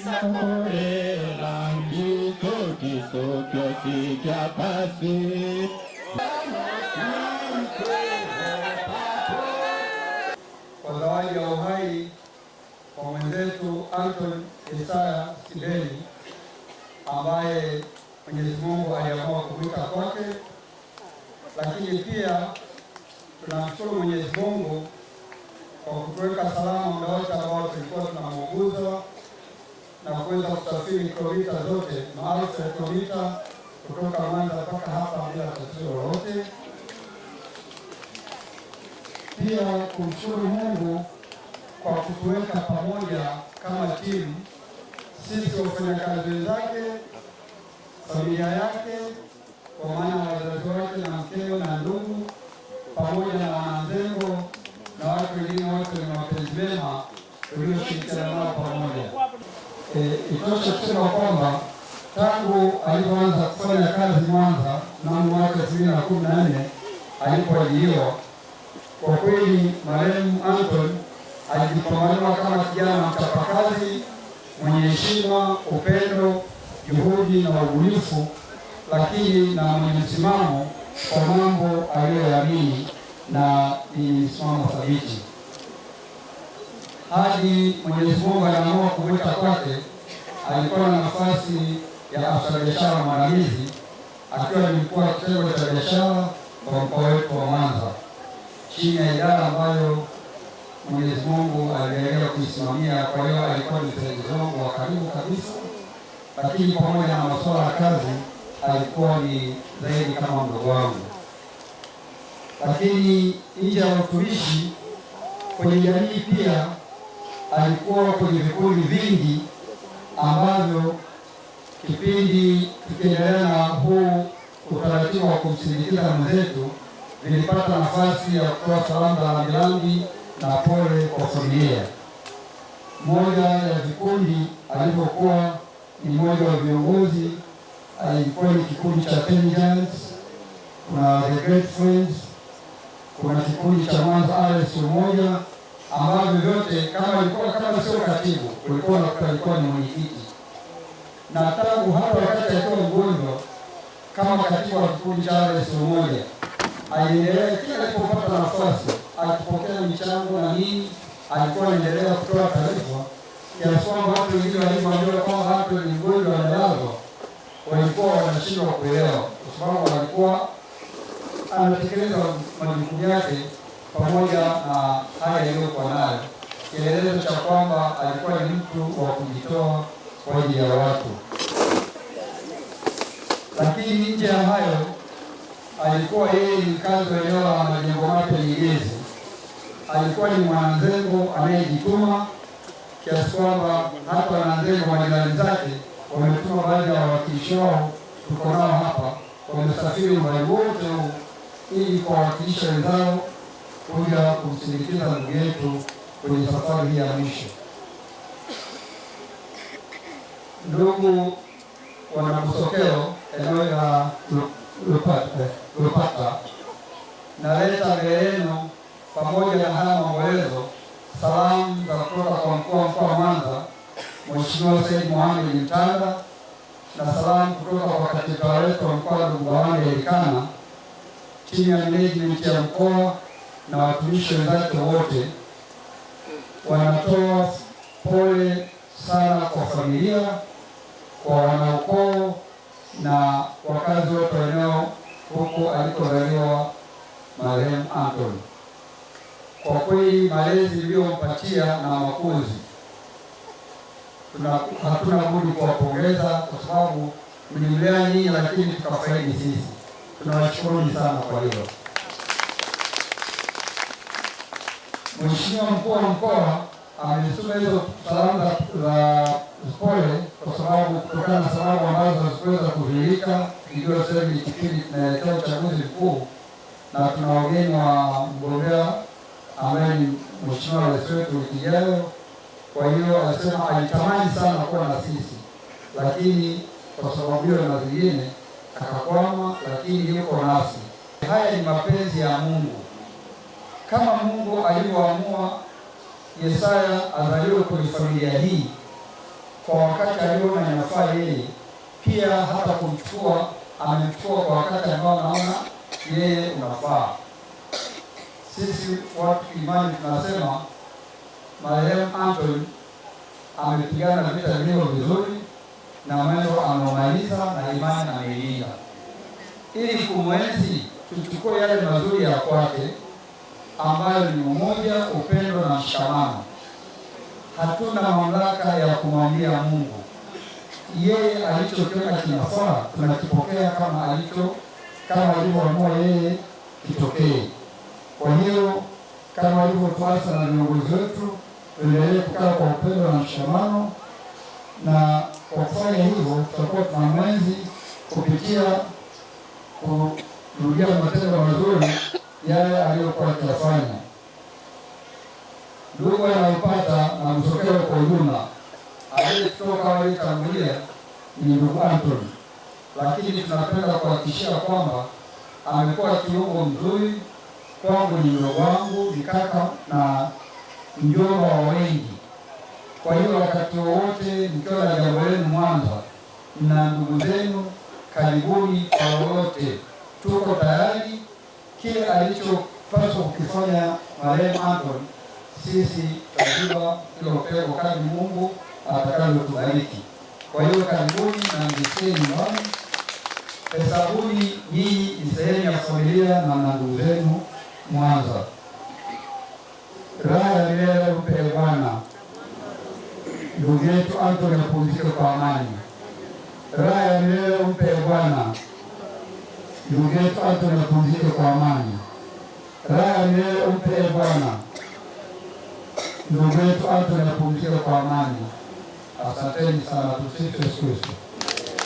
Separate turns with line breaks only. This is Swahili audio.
sakore kwa zawadi ya uhai kwa mwenzetu Anton Isaya Sibeli ambaye Mwenyezi Mungu aliamua kumwita kwake, lakini pia tunamshukuru Mwenyezi Mungu kwa kutuweka salama muda wote ambao tulikuwa tunamuuguza na kuweza kusafiri kilomita zote maelfu ya kilomita kutoka Mwanza mpaka hapa bila tatizo lolote. Pia kumshukuru Mungu kwa kutuweka pamoja kama timu, sisi wafanyakazi wenzake, familia yake, kwa maana wazazi wake na mkeo na ndugu Nianze kusema kwamba tangu alipoanza kufanya kazi Mwanza mnamo mwaka elfu mbili na kumi na nne alipoajiriwa, kwa kweli marehemu Anton alijipambanua kama kijana mchapakazi mwenye heshima, upendo, juhudi na ubunifu, lakini na mwenye msimamo kwa mambo aliyoyamini na ni msimamo thabiti hadi Mwenyezi Mungu anaamua kumwita kwake alikuwa na nafasi ya afisa biashara mwandamizi akiwa ni mkuu wa kitengo cha biashara kwa mkoa wetu wa Mwanza chini ya idara ambayo Mwenyezi Mungu aliendelea kuisimamia. Kwa hiyo alikuwa ni msaidizi wangu wa karibu kabisa, lakini pamoja na masuala ya kazi alikuwa ni zaidi kama mdogo wangu. Lakini nje ya utumishi, kwenye jamii pia alikuwa kwenye vikundi vingi ambavyo kipindi tukiendelea na huu utaratibu wa kumsindikiza mwenzetu vilipata nafasi ya kutoa salamu za rambirambi na pole kwa familia. moja ya vikundi alivyokuwa ni mmoja wa viongozi alikuwa ni kikundi cha Tenjans, kuna The Great Friends, kuna kikundi cha Mwanza RS Umoja ambavyo vyote kama ilikuwa kama sio katibu, ulikuwa unakuta alikuwa ni mwenyekiti, na tangu hapa wakati akiwa mgonjwa kama katibu wa kikundi cha RS Umoja aliendelea kila alipopata nafasi, akipokea michango na nini, alikuwa anaendelea kutoa taarifa kiasi kwamba watu wengine walivyoambiwa kwamba watu ni mgonjwa wanalazwa, walikuwa wanashindwa kuelewa, kwa sababu alikuwa anatekeleza majukumu yake pamoja na haya yaliyokuwa nayo, kielelezo cha kwamba alikuwa ni mtu wa kujitoa kwa ajili ya watu. Lakini nje ya hayo, alikuwa yeye ni mkazi wa eneo la majengo mapya Nyegezi. Alikuwa ni mwananzengo anayejituma kiasi kwamba hata wananzengo majirani zake wametuma baadhi ya wawakilishi wao, tuko nao hapa, wamesafiri mbali wote huu ili kuwawakilisha wenzao kuja kumsindikiza ndugu yetu kwenye safari hii ya mwisho. Ndugu Wanamsokelo, eneo la Lupata, naleta mbele yenu pamoja na haya maombolezo salamu za kutoka kwa mkuu wa mkoa wa Mwanza Mheshimiwa Said Mohamed Mtanda na salamu kutoka kwa katibu wetu wa mkoa ndugu Bawange Elikana, chini ya management ya mkoa na watumishi wenzake wote wanatoa pole sana kwa familia, kwa wanaukoo na wakazi wote eneo huko alikozaliwa marehemu anton Kwa kweli malezi iliyompatia na makuzi, hatuna budi kuwapongeza kwa sababu mlimlea nyinyi, lakini tukafaidi sisi. Tunawashukuruni sana kwa hilo. Mheshimiwa mkuu wa mkoa amenisoma hizo salamu za pole, kwa sababu kutokana na sababu ambazo hazikuweza kuzuilika, ndio sasa hivi kipindi tunaelekea uchaguzi mkuu na tuna wageni wa mgombea ambaye ni mheshimiwa rais wetu wiki ijayo. Kwa hiyo anasema alitamani sana kuwa na sisi, lakini kwa sababu hiyo na zingine akakwama, lakini yuko nasi. Haya ni mapenzi ya Mungu kama Mungu alivyoamua Yesaya azaliwe kwenye familia hii kwa wakati aliona inafaa yeye, pia hata kumchukua amemchukua kwa wakati ambao anaona yeye unafaa. Sisi watu imani tunasema marehemu Anthony amepigana vita vilivyo vizuri na mwendo ameumaliza na imani ameilinda, ili kumwenzi tuchukue yale mazuri ya kwake ambayo ni umoja, upendo na mshikamano. Hatuna mamlaka ya kumwambia Mungu, yeye alichokiona kinafaa tunakipokea kama alicho kama alivyoamua yeye kitokee. Kwa hiyo kama alivyotwasa na viongozi wetu, tuendelee kukaa kwa upendo na mshikamano, na kwa kufanya hivyo tutakuwa tuna mwenzi kupitia kurudia matendo mazuri yale aliyokuwa akiyafanya. Ndugu anayopata na msokeo kwa ujumla, aliyetoka aliyetangulia ni ndugu Antony, lakini tunapenda kuhakikishia kwamba amekuwa kiungo mzuri kwangu, ni mdogo wangu, ni kaka na mjomba wa wengi. Kwa hiyo wakati wowote nikiwa na jambo lenu Mwanza na ndugu zenu, karibuni kwa lolote, tuko tayari kile alichopaswa kukifanya marehemu Anthony, sisi tutajiba hilo pego kadri Mungu atakavyotubariki. Kwa hiyo karibuni na mjisieni nyumbani. Hesabuni hii ni sehemu ya familia na ndugu zenu Mwanza. Raha ya milele umpele Bwana. Ndugu yetu Anthony apumzike kwa amani. Raha ya milele Bwana ndugu yetu Antony apumzike kwa amani. Raha milele umpe e Bwana. Ndugu yetu Antony apumzike kwa amani. Asanteni sana. Tumsifu Yesu Kristo.